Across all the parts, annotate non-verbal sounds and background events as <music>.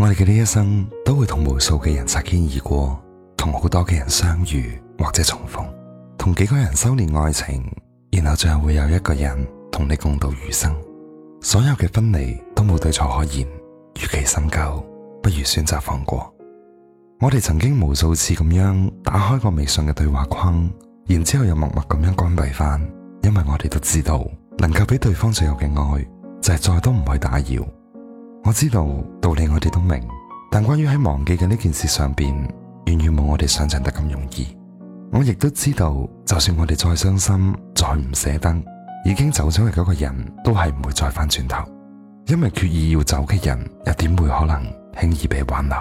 我哋嘅呢一生都會同無數嘅人擦肩而過，同好多嘅人相遇或者重逢，同幾個人修煉愛情，然後最後會有一個人同你共度餘生。所有嘅分離都冇對錯可言，與其深究，不如選擇放過。我哋曾經無數次咁樣打開個微信嘅對話框，然之後又默默咁樣關閉翻，因為我哋都知道，能夠俾對方最後嘅愛，就係、是、再都唔去打擾。我知道道理我哋都明，但關於喺忘記嘅呢件事上邊，遠遠冇我哋想象得咁容易。我亦都知道，就算我哋再傷心、再唔捨得，已經走咗嘅嗰個人，都係唔會再翻轉頭。因為決意要走嘅人，又點會可能輕易被挽留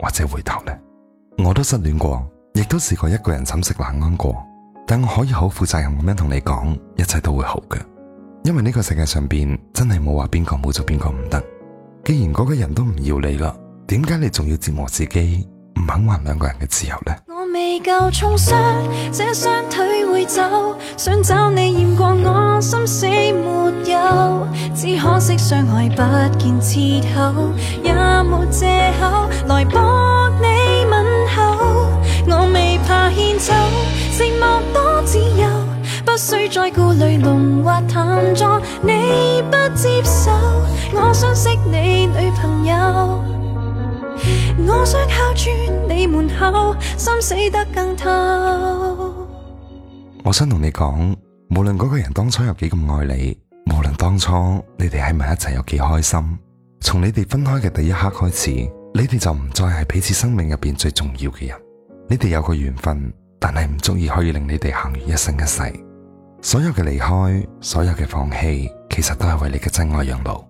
或者回頭呢？我都失戀過，亦都試過一個人寢食難安過，但我可以好負責任咁樣同你講，一切都會好嘅。因為呢個世界上邊真係冇話邊個冇咗邊個唔得。既然嗰個人都唔要你啦，點解你仲要折磨自己，唔肯還兩個人嘅自由咧？我未不需再顧慮濃或淡妝，你不接受，我想識你女朋友，我想靠住你門口，心死得更透。我想同你講，無論嗰個人當初有幾咁愛你，無論當初你哋喺埋一齊有幾開心，從你哋分開嘅第一刻開始，你哋就唔再係彼此生命入邊最重要嘅人。你哋有個緣分，但係唔足以可以令你哋行完一生一世。所有嘅離開，所有嘅放棄，其實都係為你嘅真愛讓路。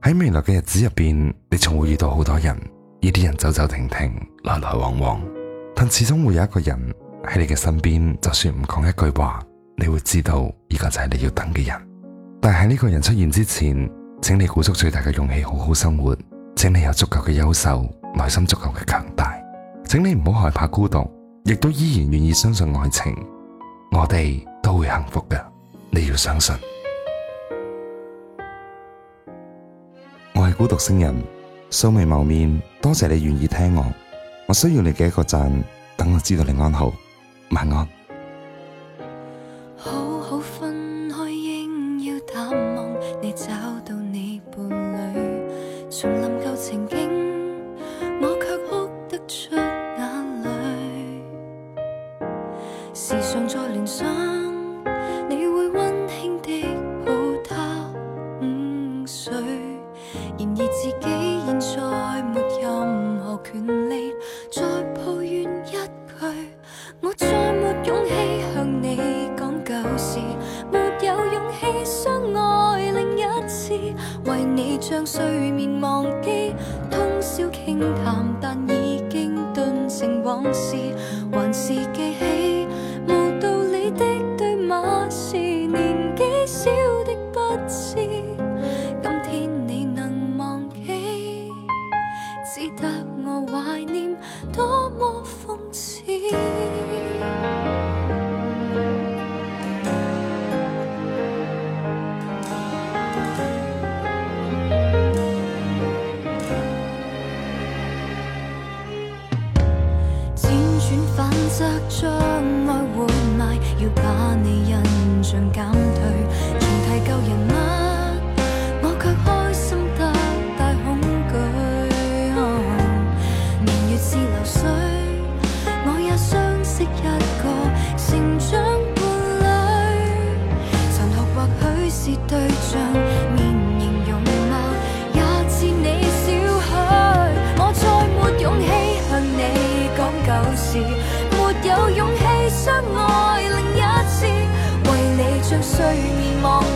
喺未來嘅日子入邊，你仲會遇到好多人，呢啲人走走停停，來來往往，但始終會有一個人喺你嘅身邊，就算唔講一句話，你會知道，呢個就係你要等嘅人。但喺呢個人出現之前，請你鼓足最大嘅勇氣，好好生活。請你有足夠嘅優秀，內心足夠嘅強大。請你唔好害怕孤獨，亦都依然願意相信愛情。我哋。會幸福嘅，你要相信。我係孤獨星人，素未謀面，多謝你願意聽我。我需要你嘅一個讚，等我知道你安好，晚安。然而自己現在沒任何權利，再抱怨一句，我再沒勇氣向你講舊事，沒有勇氣相愛。另一次，為你將睡眠忘記，通宵傾談，但已經頓成往事，還是記起無道理的對罵是年紀小的不知。沒有勇氣相愛，另一次為你將睡眠忘掉。 <noise>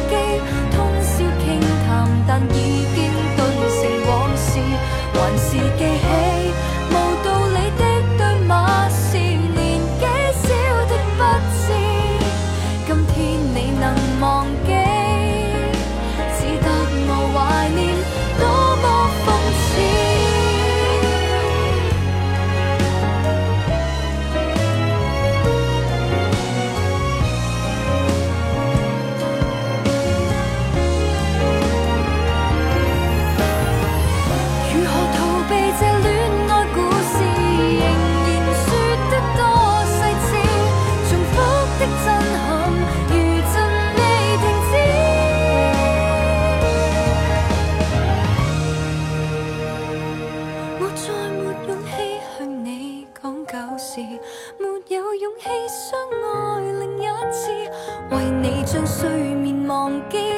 我再沒勇氣向你講舊事，沒有勇氣相愛另一次，為你將睡眠忘記。